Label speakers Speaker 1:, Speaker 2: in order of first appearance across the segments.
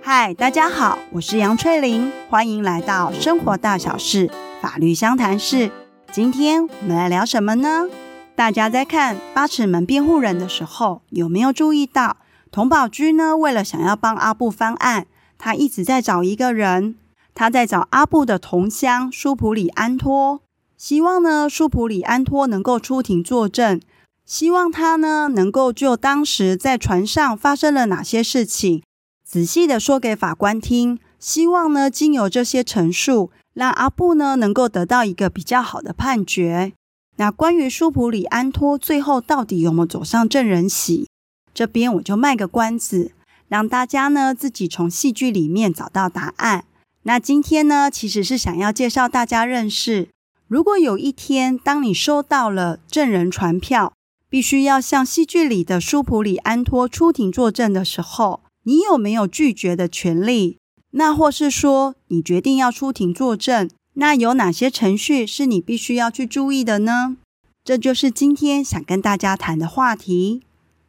Speaker 1: 嗨，Hi, 大家好，我是楊翠玲，歡迎來到生活大小事法律相談室。今天我們來聊什麼呢？大家在看《八尺門辯護人》的時候，有沒有注意到童保居呢？為了想要幫阿布翻案，他一直在找一個人，他在找阿布的同鄉舒普里安托。希望呢，舒普里安托能夠出庭作證，希望他呢能夠就當時在船上發生了哪些事情，仔細地說給法官聽。希望呢，經由這些陳述，讓阿布呢能夠得到一個比較好的判決。那關於舒普里安托最後到底有沒有走上證人席，這邊我就賣個關子，讓大家呢自己從戲劇裡面找到答案。那今天呢，其實是想要介紹大家認識。如果有一天，當你收到了證人傳票，必須要向戲劇裡的舒普里安托出庭作證的時候，你有沒有拒絕的權利？那或是說，你決定要出庭作證，那有哪些程序是你必須要去注意的呢？這就是今天想跟大家談的話題。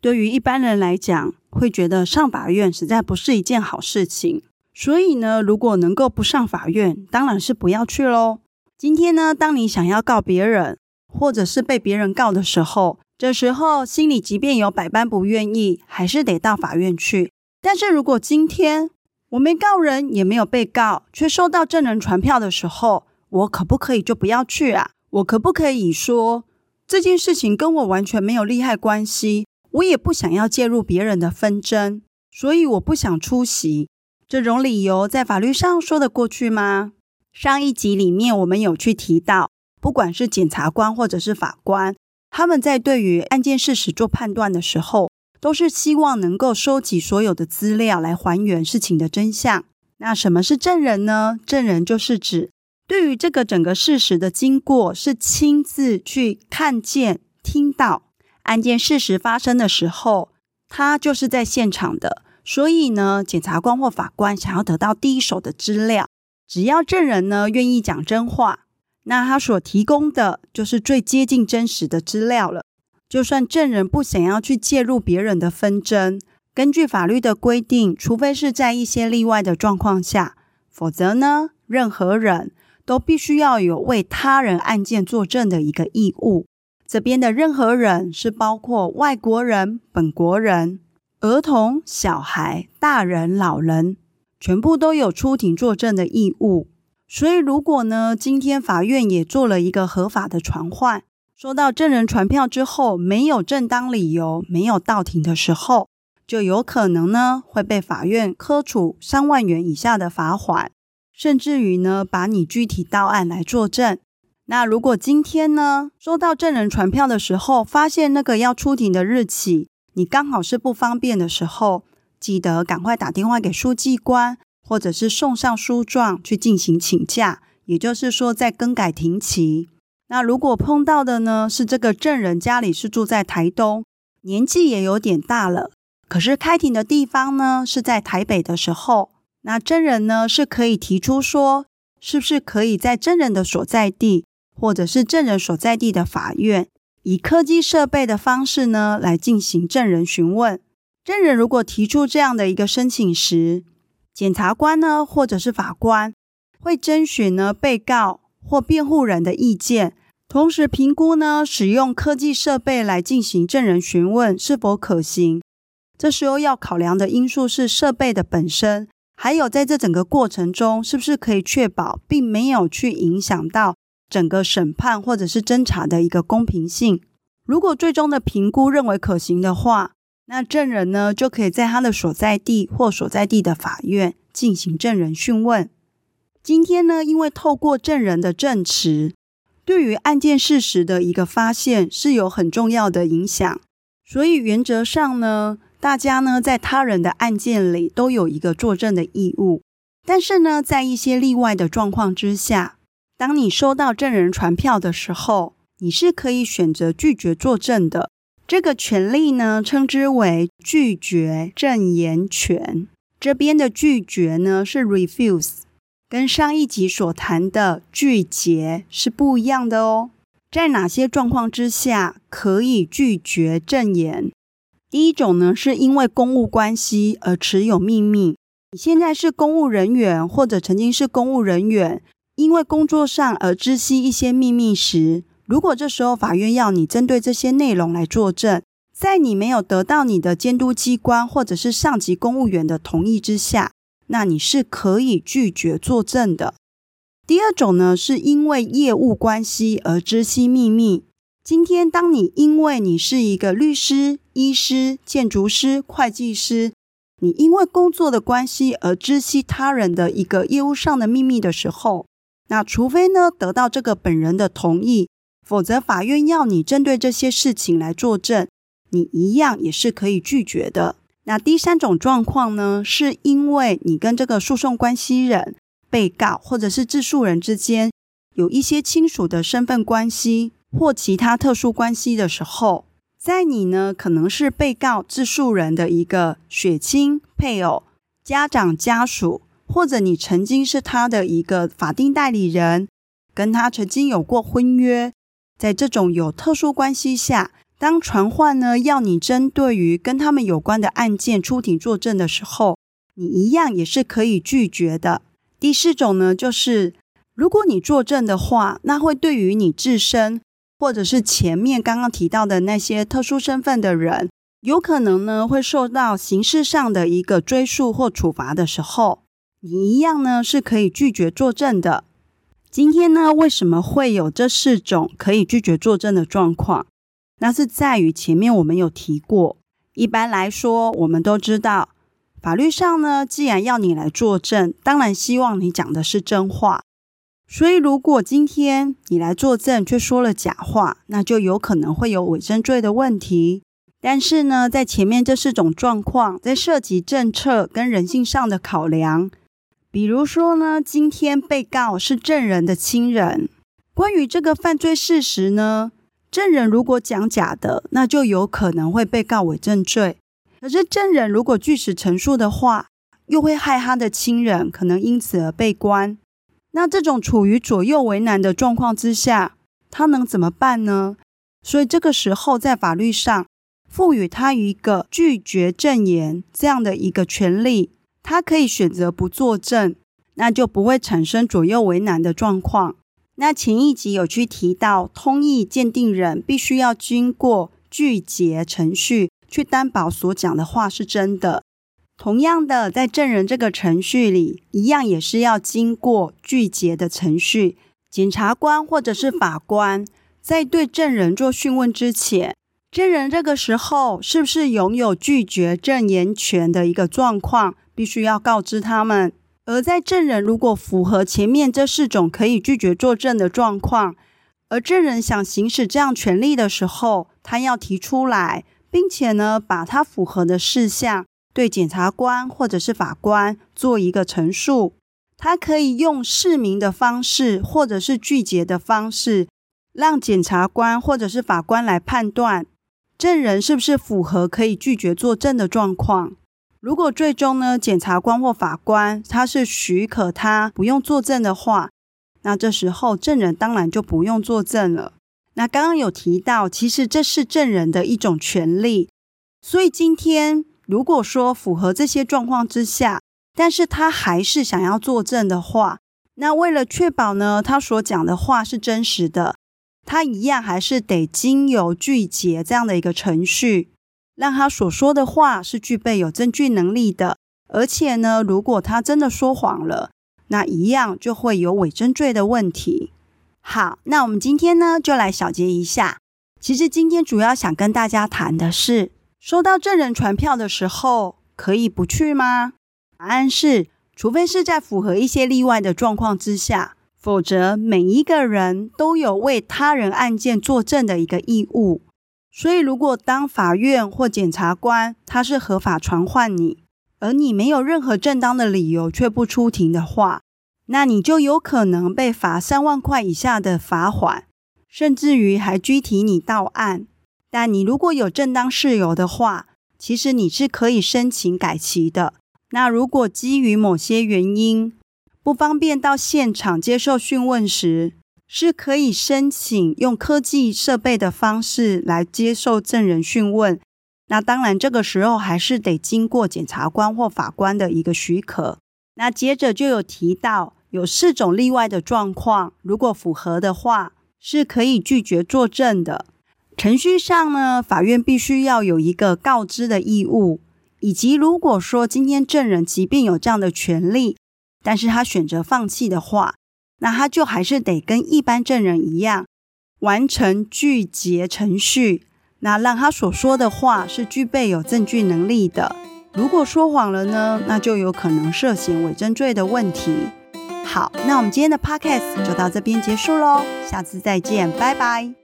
Speaker 1: 對於一般人來講，會覺得上法院實在不是一件好事情。所以呢，如果能夠不上法院，當然是不要去嘍。今天呢，當你想要告別人，或者是被別人告的時候，這時候心裡即便有百般不願意，還是得到法院去。但是如果今天我沒告人，也沒有被告，卻收到證人傳票的時候，我可不可以就不要去啊？我可不可以說這件事情跟我完全沒有利害關係，我也不想要介入別人的紛爭，所以我不想出席。這種理由在法律上說得過去嗎？上一集裡面，我們有去提到，不管是檢察官或者是法官，他們在對於案件事實做判斷的時候，都是希望能夠收集所有的資料來還原事情的真相。那什麼是證人呢？證人就是指對於這個整個事實的經過，是親自去看見、聽到案件事實發生的時候，他就是在現場的。所以呢，檢察官或法官想要得到第一手的資料。只要證人呢願意講真話，那他所提供的就是最接近真實的資料了。就算證人不想要去介入別人的紛爭，根據法律的規定，除非是在一些例外的狀況下，否則呢任何人都必須要有為他人案件作證的一個義務。這邊的任何人是包括外國人、本國人、兒童、小孩、大人、老人。全部都有出庭作證的義務，所以如果呢，今天法院也做了一個合法的傳喚，收到證人傳票之後，沒有正當理由沒有到庭的時候，就有可能呢會被法院科處三萬元以下的罰鍰，甚至於呢把你拘提到案來作證。那如果今天呢收到證人傳票的時候，發現那個要出庭的日期你剛好是不方便的時候。記得趕快打電話給書記官，或者是送上書狀去進行請假，也就是說在更改庭期。那如果碰到的呢是這個證人家裡是住在台東，年紀也有點大了，可是開庭的地方呢是在台北的時候，那證人呢是可以提出說，是不是可以在證人的所在地，或者是證人所在地的法院，以科技設備的方式呢來進行證人訊問。證人如果提出這樣的一個申請時，檢察官呢或者是法官會徵詢呢被告或辯護人的意見，同時評估呢使用科技設備來進行證人詢問是否可行。這時候要考量的因素是設備的本身，還有在這整個過程中是不是可以確保並沒有去影響到整個審判或者是偵查的一個公平性。如果最終的評估認為可行的話。那證人呢，就可以在他的所在地或所在地的法院進行證人訊問。今天呢，因為透過證人的證詞，對於案件事實的一個發現是有很重要的影響，所以原則上呢，大家呢在他人的案件裡都有一個作證的義務。但是呢，在一些例外的狀況之下，當你收到證人傳票的時候，你是可以選擇拒絕作證的。這個權利呢，稱之為拒絕證言權。這邊的拒絕呢，是 refuse，跟上一集所談的拒絕是不一樣的哦。在哪些狀況之下可以拒絕證言？第一種呢，是因為公務關係而持有秘密。你現在是公務人員，或者曾經是公務人員，因為工作上而知悉一些秘密時。如果這時候法院要你針對這些內容來作證，在你沒有得到你的監督機關或者是上級公務員的同意之下，那你是可以拒絕作證的。第二種呢，是因為業務關係而知悉秘密。今天當你因為你是一個律師、醫師、建築師、會計師，你因為工作的關係而知悉他人的一個業務上的秘密的時候，那除非呢，得到這個本人的同意。否則，法院要你針對這些事情來作證，你一樣也是可以拒絕的。那第三種狀況呢，是因為你跟這個訴訟關係人、被告或者是自訴人之間有一些親屬的身份關係或其他特殊關係的時候，在你呢可能是被告自訴人的一個血親、配偶、家長、家屬，或者你曾經是他的一個法定代理人，跟他曾經有過婚約。在這種有特殊關係下，當傳喚呢要你針對於跟他們有關的案件出庭作證的時候，你一樣也是可以拒絕的。第四種呢，就是如果你作證的話，那會對於你自身，或者是前面剛剛提到的那些特殊身份的人，有可能呢會受到刑事上的一個追訴或處罰的時候，你一樣呢是可以拒絕作證的。今天呢，為什麼會有這四種可以拒絕作證的狀況？那是在於前面我們有提過，一般來說，我們都知道，法律上呢，既然要你來作證，當然希望你講的是真話。所以，如果今天你來作證卻說了假話，那就有可能會有偽證罪的問題。但是呢，在前面這四種狀況，在涉及政策跟人性上的考量。比如說呢，今天被告是證人的親人。關於這個犯罪事實呢，證人如果講假的，那就有可能會被告偽證罪。可是證人如果據實陳述的話，又會害他的親人，可能因此而被關。那這種處於左右為難的狀況之下，他能怎麼辦呢？所以這個時候，在法律上賦予他一個拒絕證言這樣的一個權利。他可以選擇不作證，那就不會產生左右為難的狀況。那前一集有去提到，通譯、鑑定人必須要經過具結程序，去擔保所講的話是真的。同樣的，在證人這個程序裡，一樣也是要經過具結的程序。檢察官或者是法官在對證人做訊問之前，證人這個時候是不是擁有拒絕證言權的一個狀況？必須要告知他們。而在證人如果符合前面這四種可以拒絕作證的狀況，而證人想行使這樣權利的時候，他要提出來，並且呢把他符合的事項對檢察官或者是法官做一個陳述。他可以用釋明的方式，或者是拒絕的方式，讓檢察官或者是法官來判斷證人是不是符合可以拒絕作證的狀況。如果最終呢，檢察官或法官他是許可他不用作證的話，那這時候證人當然就不用作證了。那剛剛有提到，其實這是證人的一種權利。所以今天如果說符合這些狀況之下，但是他還是想要作證的話，那為了確保呢，他所講的話是真實的，他一樣還是得經由具結這樣的一個程序。讓他所說的話是具備有證據能力的，而且呢，如果他真的說謊了，那一樣就會有偽證罪的問題。好，那我們今天呢，就來小結一下。其實今天主要想跟大家談的是，收到證人傳票的時候可以不去嗎？答案是，除非是在符合一些例外的狀況之下，否則每一個人都有為他人案件作證的一個義務。所以，如果當法院或檢察官他是合法傳喚你，而你沒有任何正當的理由卻不出庭的話，那你就有可能被罰三萬塊以下的罰鍰，甚至於還拘提你到案。但你如果有正當事由的話，其實你是可以申請改期的。那如果基於某些原因不方便到現場接受訊問時，是可以申請用科技設備的方式來接受證人訊問，那當然這個時候還是得經過檢察官或法官的一個許可。那接着就有提到有四種例外的狀況，如果符合的話是可以拒絕作證的。程序上呢，法院必須要有一個告知的義務，以及如果說今天證人即便有這樣的權利，但是他選擇放棄的話，那他就還是得跟一般證人一樣，完成具結程序，那讓他所說的話是具備有證據能力的。如果說謊了呢，那就有可能涉嫌偽證罪的問題。好，那我們今天的 podcast 就到這邊結束嘍，下次再見，拜拜。